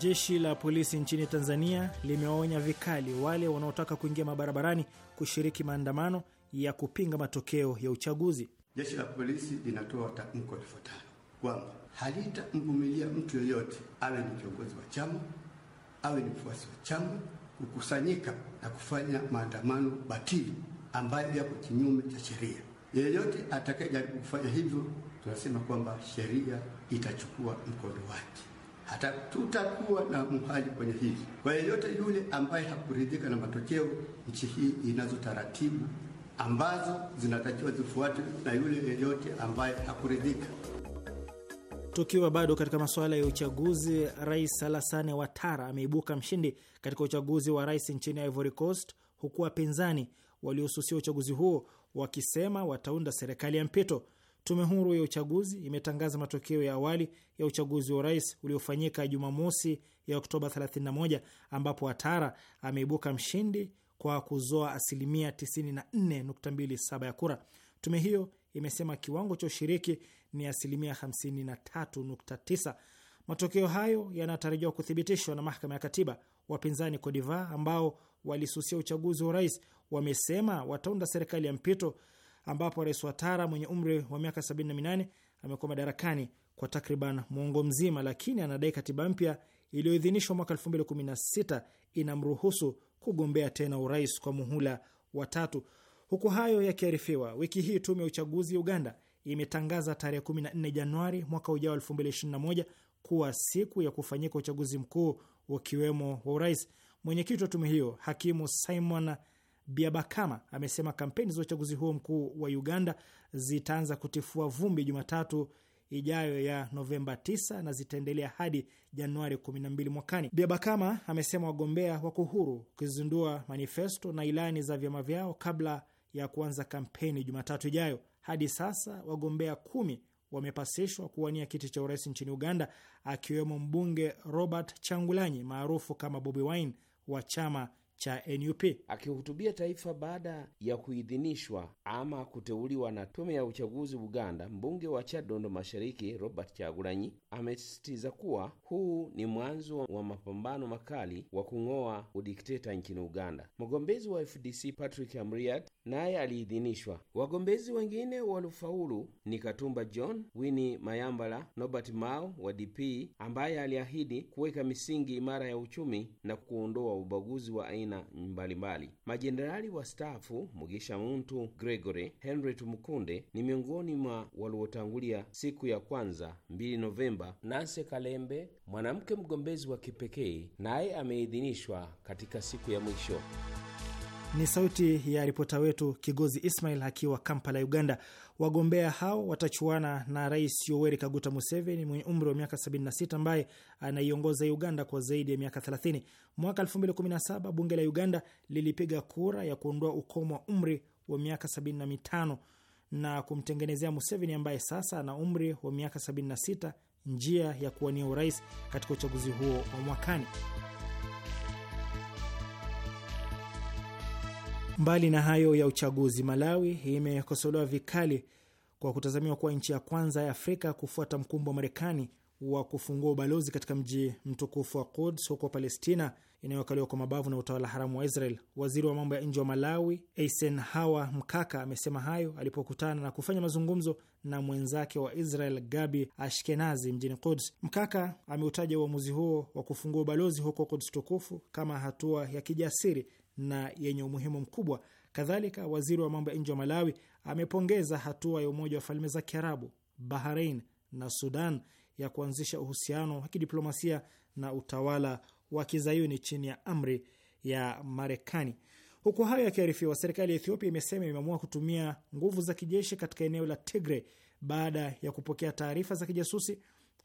Jeshi la polisi nchini Tanzania limewaonya vikali wale wanaotaka kuingia mabarabarani kushiriki maandamano ya kupinga matokeo ya uchaguzi. Jeshi la polisi linatoa tamko lifuatalo kwamba halitamvumilia mtu yoyote awe ni kiongozi wa chama, awe ni mfuasi wa chama, kukusanyika na kufanya maandamano batili ambayo yako kinyume cha sheria. Yeyote atakayejaribu kufanya hivyo, tunasema kwamba sheria itachukua mkondo wake hata tutakuwa na muhali kwenye hili. Kwa yeyote yule ambaye hakuridhika na matokeo, nchi hii inazo taratibu ambazo zinatakiwa zifuatwe na yule yeyote ambaye hakuridhika. Tukiwa bado katika masuala ya uchaguzi, Rais Alassane Ouattara ameibuka mshindi katika uchaguzi wa rais nchini Ivory Coast, huku wapinzani waliosusia uchaguzi huo wakisema wataunda serikali ya mpito. Tume huru ya uchaguzi imetangaza matokeo ya awali ya uchaguzi wa urais uliofanyika Jumamosi ya Oktoba 31 ambapo atara ameibuka mshindi kwa kuzoa asilimia 94.27 ya kura. Tume hiyo imesema kiwango cha ushiriki ni asilimia 53.9. Matokeo hayo yanatarajiwa kuthibitishwa na mahakama ya katiba. Wapinzani Kodiva ambao walisusia uchaguzi wa urais wamesema wataunda serikali ya mpito ambapo rais Watara mwenye umri wa miaka 78 amekuwa madarakani kwa takriban mwongo mzima, lakini anadai katiba mpya iliyoidhinishwa mwaka 2016 inamruhusu kugombea tena urais kwa muhula wa tatu. Huku hayo yakiarifiwa, wiki hii tume ya uchaguzi ya Uganda imetangaza tarehe 14 Januari mwaka ujao 2021 kuwa siku ya kufanyika uchaguzi mkuu ukiwemo wa urais. Mwenyekiti wa tume hiyo hakimu Simon Biabakama amesema kampeni za uchaguzi huo mkuu wa Uganda zitaanza kutifua vumbi Jumatatu ijayo ya Novemba 9 na zitaendelea hadi Januari 12 mwakani. Biabakama amesema wagombea wako huru kuzindua manifesto na ilani za vyama vyao kabla ya kuanza kampeni Jumatatu ijayo. Hadi sasa wagombea kumi wamepasishwa kuwania kiti cha urais nchini Uganda, akiwemo mbunge Robert Changulanyi maarufu kama Bobi Wine wa chama cha NUP. Akihutubia taifa baada ya kuidhinishwa ama kuteuliwa na tume ya uchaguzi Uganda, mbunge wa Chadondo Mashariki Robert Chagulanyi amesisitiza kuwa huu ni mwanzo wa mapambano makali wa kung'oa udikteta nchini Uganda. Mgombezi wa FDC Patrick Amriat naye aliidhinishwa. Wagombezi wengine walofaulu ni Katumba John, Wini Mayambala, nobert Mao wa DP ambaye aliahidi kuweka misingi imara ya uchumi na kuondoa ubaguzi wa aina mbalimbali. Majenerali wastaafu Mugisha Muntu Gregory, Henry Tumukunde ni miongoni mwa waliotangulia siku ya kwanza 2 Novemba. nanse Kalembe, mwanamke mgombezi wa kipekee, naye ameidhinishwa katika siku ya mwisho. Ni sauti ya ripota wetu Kigozi Ismail akiwa Kampala, Uganda. Wagombea hao watachuana na Rais Yoweri Kaguta Museveni mwenye umri wa miaka 76 ambaye anaiongoza Uganda kwa zaidi ya miaka 30. Mwaka 2017 bunge la Uganda lilipiga kura ya kuondoa ukomo wa umri wa miaka 75 na kumtengenezea Museveni ambaye sasa ana umri wa miaka 76 njia ya kuwania urais katika uchaguzi huo wa mwakani. Mbali na hayo ya uchaguzi, Malawi imekosolewa vikali kwa kutazamiwa kuwa nchi ya kwanza ya Afrika kufuata mkumbo wa Marekani wa kufungua ubalozi katika mji mtukufu wa Quds huko Palestina inayokaliwa kwa mabavu na utawala haramu wa Israel. Waziri wa mambo ya nje wa Malawi Eisenhower Mkaka amesema hayo alipokutana na kufanya mazungumzo na mwenzake wa Israel Gabi Ashkenazi mjini Quds. Mkaka ameutaja uamuzi huo wa kufungua ubalozi huko Quds tukufu kama hatua ya kijasiri na yenye umuhimu mkubwa. Kadhalika, waziri wa mambo ya nje wa Malawi amepongeza hatua ya Umoja wa Falme za Kiarabu, Bahrain na Sudan ya kuanzisha uhusiano wa kidiplomasia na utawala wa kizayuni chini ya amri ya Marekani. Huku hayo yakiarifiwa, serikali ya Ethiopia imesema imeamua kutumia nguvu za kijeshi katika eneo la Tigre baada ya kupokea taarifa za kijasusi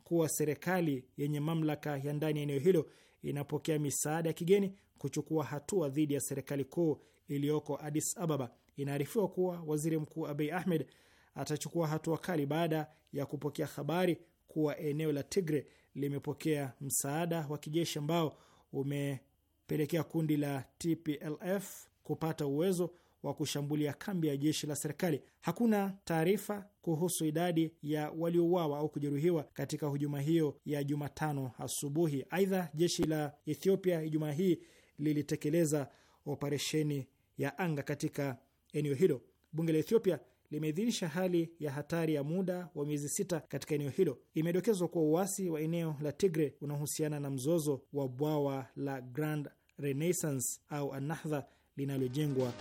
kuwa serikali yenye mamlaka ya ndani ya eneo hilo inapokea misaada ya kigeni kuchukua hatua dhidi ya serikali kuu iliyoko Addis Ababa. Inaarifiwa kuwa waziri mkuu Abiy Ahmed atachukua hatua kali baada ya kupokea habari kuwa eneo la Tigre limepokea msaada wa kijeshi ambao umepelekea kundi la TPLF kupata uwezo wa kushambulia kambi ya jeshi la serikali. Hakuna taarifa kuhusu idadi ya waliouawa au kujeruhiwa katika hujuma hiyo ya Jumatano asubuhi. Aidha, jeshi la Ethiopia Ijumaa hii lilitekeleza operesheni ya anga katika eneo hilo. Bunge la Ethiopia limeidhinisha hali ya hatari ya muda wa miezi sita katika eneo hilo. Imedokezwa kuwa uasi wa eneo la Tigre unaohusiana na mzozo wa bwawa la Grand Renaissance au Anahdha linalojengwa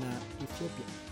na Ethiopia.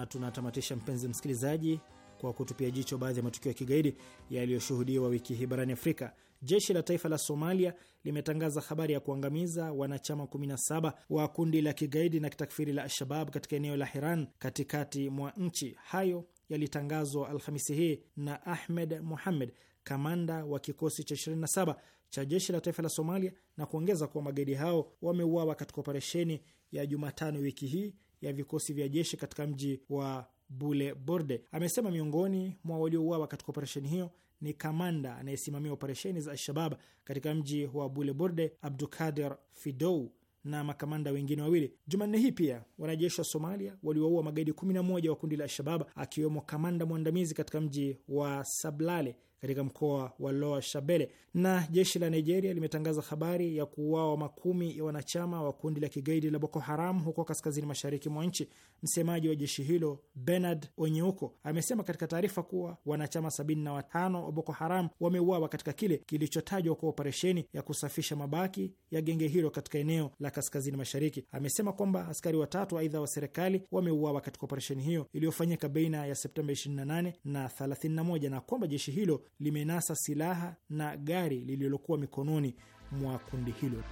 na tunatamatisha mpenzi msikilizaji, kwa kutupia jicho baadhi ya matukio ya kigaidi yaliyoshuhudiwa wiki hii barani Afrika. Jeshi la taifa la Somalia limetangaza habari ya kuangamiza wanachama 17 wa kundi la kigaidi na kitakfiri la Al-Shabab katika eneo la Hiran katikati mwa nchi. Hayo yalitangazwa Alhamisi hii na Ahmed muhamed kamanda wa kikosi cha 27 cha jeshi la taifa la Somalia, na kuongeza kuwa magaidi hao wameuawa katika operesheni ya Jumatano wiki hii ya vikosi vya jeshi katika mji wa Bule Borde. Amesema miongoni mwa waliouawa katika operesheni hiyo ni kamanda anayesimamia operesheni za Alshabab katika mji wa Bule Borde, Abdukadir Fidou na makamanda wengine wawili. Jumanne hii pia wanajeshi wa Somalia waliwaua magaidi 11 wa kundi la Alshabab akiwemo kamanda mwandamizi katika mji wa Sablale katika mkoa wa Loa Shabele. Na jeshi la Nigeria limetangaza habari ya kuuawa makumi ya wanachama wa kundi la kigaidi la Boko Haram huko kaskazini mashariki mwa nchi. Msemaji wa jeshi hilo Bernard Onyeuko amesema katika taarifa kuwa wanachama sabini na watano wa Boko Haram wameuawa katika kile kilichotajwa kwa operesheni ya kusafisha mabaki ya genge hilo katika eneo la kaskazini mashariki. Amesema kwamba askari watatu aidha wa serikali wameuawa katika operesheni hiyo iliyofanyika baina ya Septemba 28 na 31 na kwamba jeshi hilo limenasa silaha na gari lililokuwa mikononi mwa kundi hilo.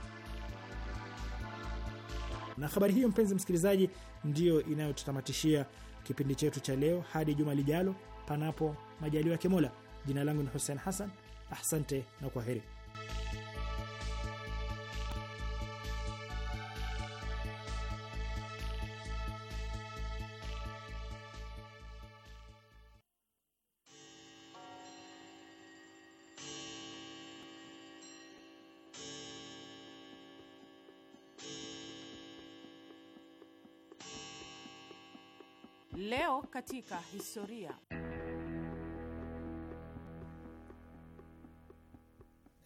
Na habari hiyo, mpenzi msikilizaji, ndiyo inayotutamatishia kipindi chetu cha leo. Hadi juma lijalo, panapo majaliwa ya Mola. Jina langu ni Hussein Hassan, asante na kwa heri. katika historia.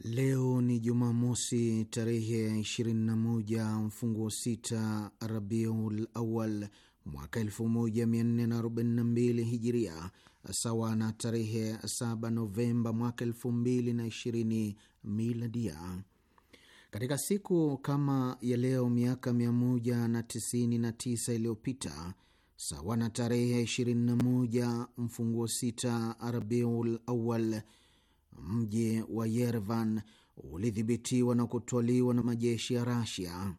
Leo ni Jumamosi tarehe 21 mfunguo sita Rabiul Awal mwaka 1442 Hijiria, sawa na tarehe 7 Novemba mwaka 2020 Miladia. Katika siku kama ya leo miaka 199 iliyopita sawa na tarehe 21 mfunguo 6 Rabiul Awal, mji wa Yerevan ulidhibitiwa na kutwaliwa na majeshi ya Rasia.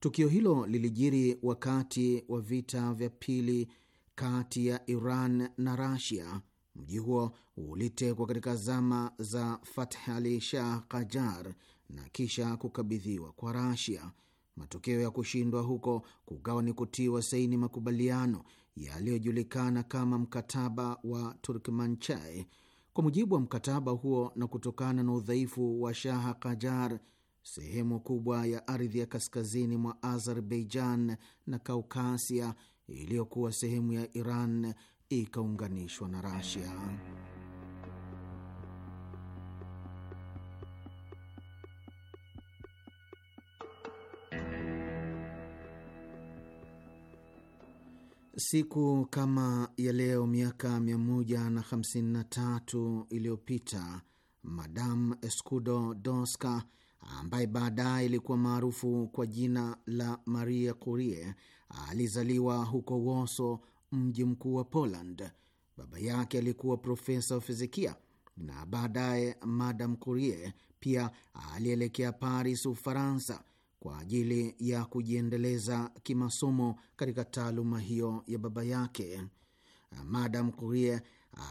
Tukio hilo lilijiri wakati wa vita vya pili kati ya Iran na Rasia. Mji huo ulitekwa katika zama za Fath Ali Shah Kajar na kisha kukabidhiwa kwa Rasia. Matokeo ya kushindwa huko kugawa ni kutiwa saini makubaliano yaliyojulikana kama mkataba wa Turkmanchai. Kwa mujibu wa mkataba huo, na kutokana na udhaifu wa Shaha Kajar, sehemu kubwa ya ardhi ya kaskazini mwa Azerbaijan na Kaukasia iliyokuwa sehemu ya Iran ikaunganishwa na Rasia. Siku kama ya leo miaka 153 iliyopita Madam Escudo Doska ambaye baadaye ilikuwa maarufu kwa jina la Maria Curie alizaliwa huko Woso, mji mkuu wa Poland. Baba yake alikuwa profesa wa fizikia na baadaye Madam Curie pia alielekea Paris, Ufaransa kwa ajili ya kujiendeleza kimasomo katika taaluma hiyo ya baba yake. Madam Curie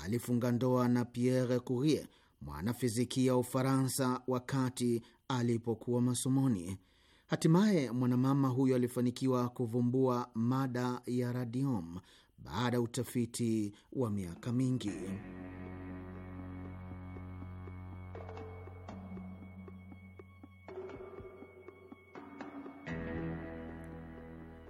alifunga ndoa na Pierre Curie, mwanafizikia wa Ufaransa, wakati alipokuwa masomoni. Hatimaye mwanamama huyo alifanikiwa kuvumbua mada ya radium baada ya utafiti wa miaka mingi.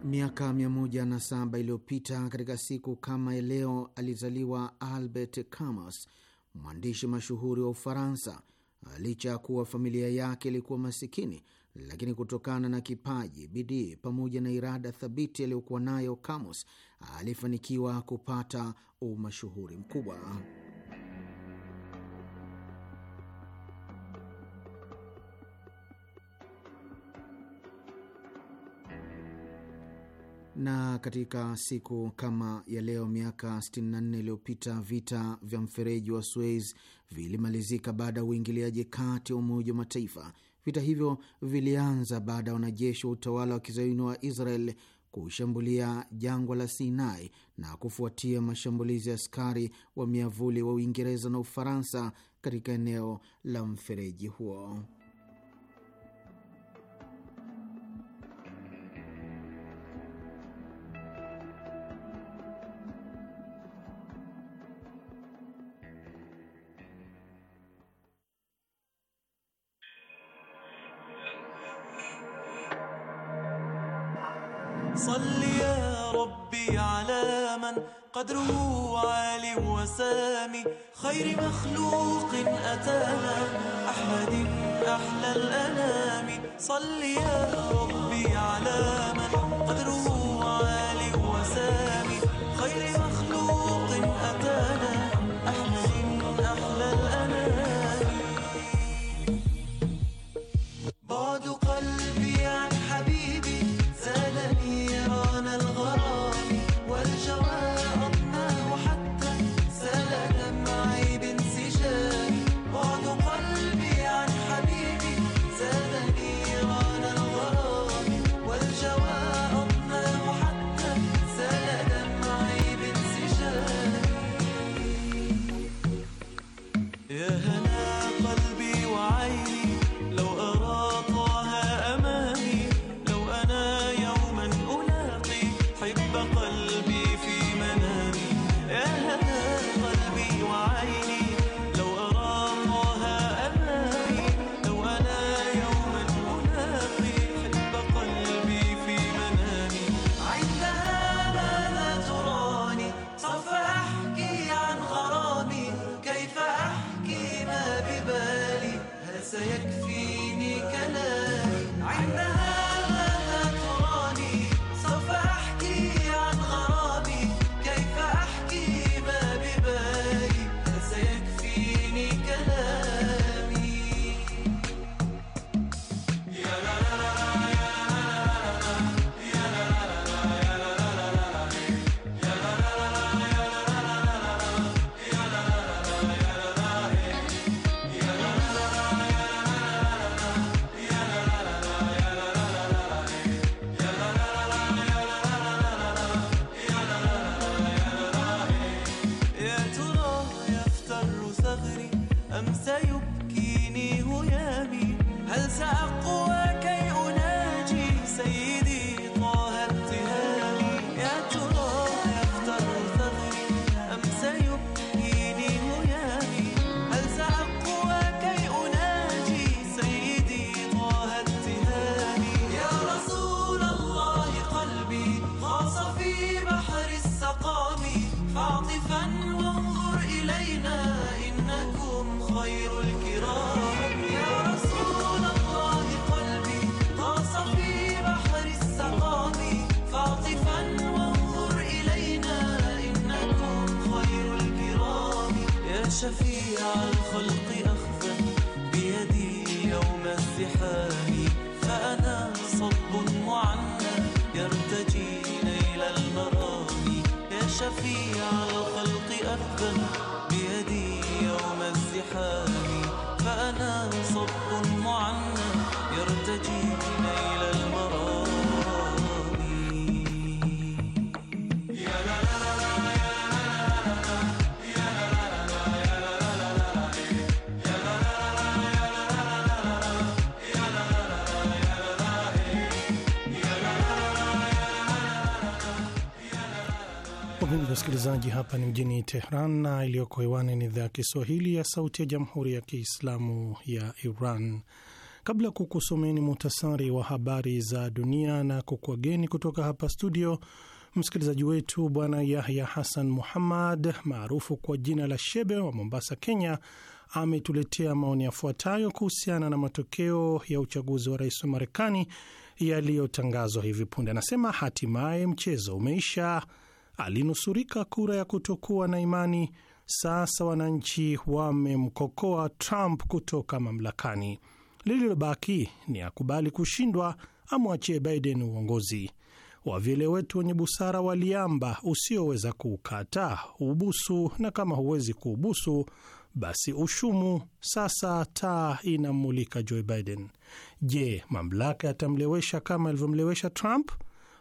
Miaka 107 iliyopita katika siku kama ya leo alizaliwa Albert Camus, mwandishi mashuhuri wa Ufaransa. Licha ya kuwa familia yake ilikuwa masikini, lakini kutokana na kipaji, bidii pamoja na irada thabiti aliyokuwa nayo, Camus alifanikiwa kupata umashuhuri mkubwa. na katika siku kama ya leo miaka 64 iliyopita vita vya mfereji wa Suez vilimalizika baada ya uingiliaji kati ya Umoja wa Mataifa. Vita hivyo vilianza baada ya wanajeshi wa utawala wa kizayuni wa Israel kushambulia jangwa la Sinai na kufuatia mashambulizi ya askari wa miavuli wa Uingereza na Ufaransa katika eneo la mfereji huo. خير مخلوق أتانا أحمد أحلى الأنام صل يا ربي على من قدره عالي وسامي خير شفيع الخلق أخذا بيدي يوم الزحام فأنا صب معنى يرتجي ليل الغرام يا شفيع msikilizaji, hapa ni mjini Tehran na iliyoko hewani ni idhaa ya Kiswahili ya Sauti ya Jamhuri ya Kiislamu ya Iran. Kabla ya kukusomeni muhtasari wa habari za dunia na kukuageni kutoka hapa studio, msikilizaji wetu Bwana Yahya Hassan Muhammad maarufu kwa jina la Shebe wa Mombasa, Kenya, ametuletea maoni yafuatayo kuhusiana na matokeo ya uchaguzi wa rais wa Marekani yaliyotangazwa hivi punde. Anasema hatimaye mchezo umeisha alinusurika kura ya kutokuwa na imani. Sasa wananchi wamemkokoa Trump kutoka mamlakani. Lililobaki ni akubali kushindwa, amwachie Biden uongozi. Wavile wetu wenye busara waliamba, usioweza kuukata ubusu, na kama huwezi kuubusu basi ushumu. Sasa taa inammulika Joe Biden. Je, mamlaka yatamlewesha kama alivyomlewesha Trump?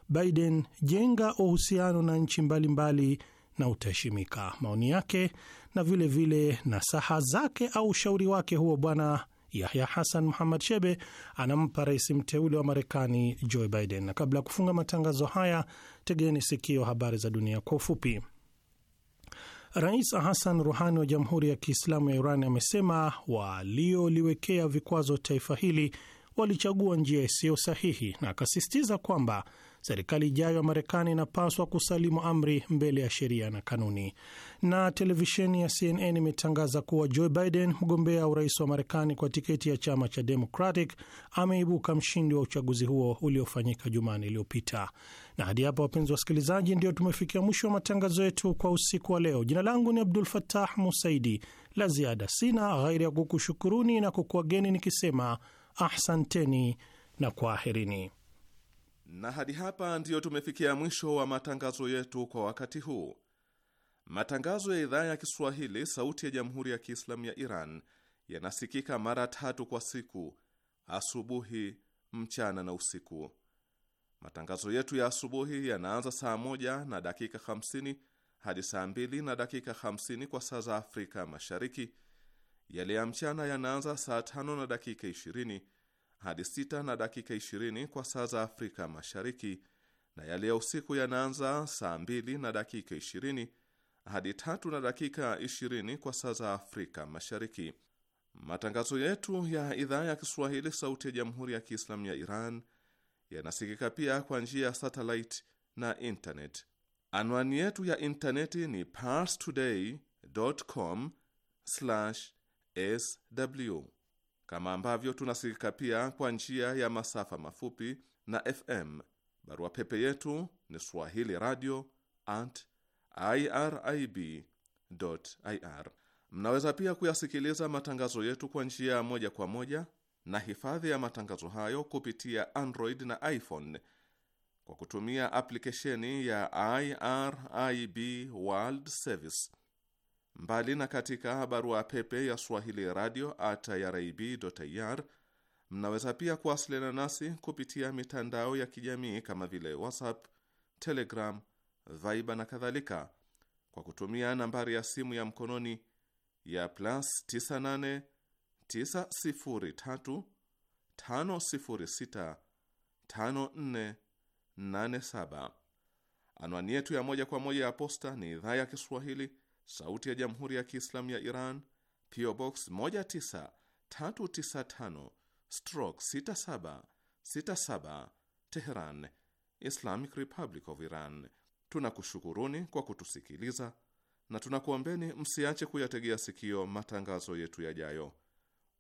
Biden, jenga uhusiano na nchi mbalimbali na utaheshimika. Maoni yake na vilevile vile nasaha zake au ushauri wake huo bwana Yahya Hassan Muhammad Shebe anampa rais mteule wa Marekani Joe Biden. Na kabla ya kufunga matangazo haya, tegeni sikio habari za dunia kwa ufupi. Rais Hassan Ruhani wa Jamhuri ya Kiislamu ya Iran amesema walioliwekea vikwazo taifa hili walichagua njia isiyo sahihi, na akasisitiza kwamba serikali ijayo ya Marekani inapaswa kusalimu amri mbele ya sheria na kanuni. Na televisheni ya CNN imetangaza kuwa Joe Biden, mgombea urais wa Marekani kwa tiketi ya chama cha Democratic, ameibuka mshindi wa uchaguzi huo uliofanyika Jumani iliyopita. Na hadi hapa, wapenzi wasikilizaji, ndio tumefikia mwisho wa matangazo yetu kwa usiku wa leo. Jina langu ni Abdul fatah Musaidi. La ziada sina ghairi ya kukushukuruni na kukuageni nikisema ahsanteni na kwaherini. Na hadi hapa ndiyo tumefikia mwisho wa matangazo yetu kwa wakati huu. Matangazo ya idhaa ya Kiswahili sauti ya Jamhuri ya Kiislamu ya Iran yanasikika mara tatu kwa siku: asubuhi, mchana na usiku. Matangazo yetu ya asubuhi yanaanza saa moja na dakika 50 hadi saa mbili na dakika 50 kwa saa za Afrika Mashariki. Yale ya mchana yanaanza saa tano na dakika 20 hadi sita na dakika ishirini kwa saa za Afrika Mashariki, na yale ya usiku yanaanza saa mbili na dakika ishirini hadi tatu na dakika ishirini kwa saa za Afrika Mashariki. Matangazo yetu ya idhaa ya Kiswahili sauti ya Jamhuri ya Kiislamu ya Iran yanasikika pia kwa njia ya satellite na internet. Anwani yetu ya intaneti ni parstoday.com/sw kama ambavyo tunasikika pia kwa njia ya masafa mafupi na FM. Barua pepe yetu ni swahili radio at irib ir. Mnaweza pia kuyasikiliza matangazo yetu kwa njia moja kwa moja na hifadhi ya matangazo hayo kupitia Android na iPhone kwa kutumia aplikesheni ya IRIB World Service. Mbali na katika barua pepe ya Swahili radio at irib.ir, mnaweza pia kuwasiliana nasi kupitia mitandao ya kijamii kama vile WhatsApp, Telegram, Viber na kadhalika kwa kutumia nambari ya simu ya mkononi ya plus 98 Anwani yetu ya moja kwa moja ya posta ni idhaa ya Kiswahili Sauti ya Jamhuri ya Kiislamu ya Iran, PO Box 19395 stroke 6767 Teheran, Islamic Republic of Iran. Tunakushukuruni kwa kutusikiliza na tunakuombeni msiache kuyategea sikio matangazo yetu yajayo.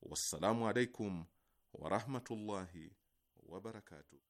Wassalamu alaikum warahmatullahi wabarakatuh.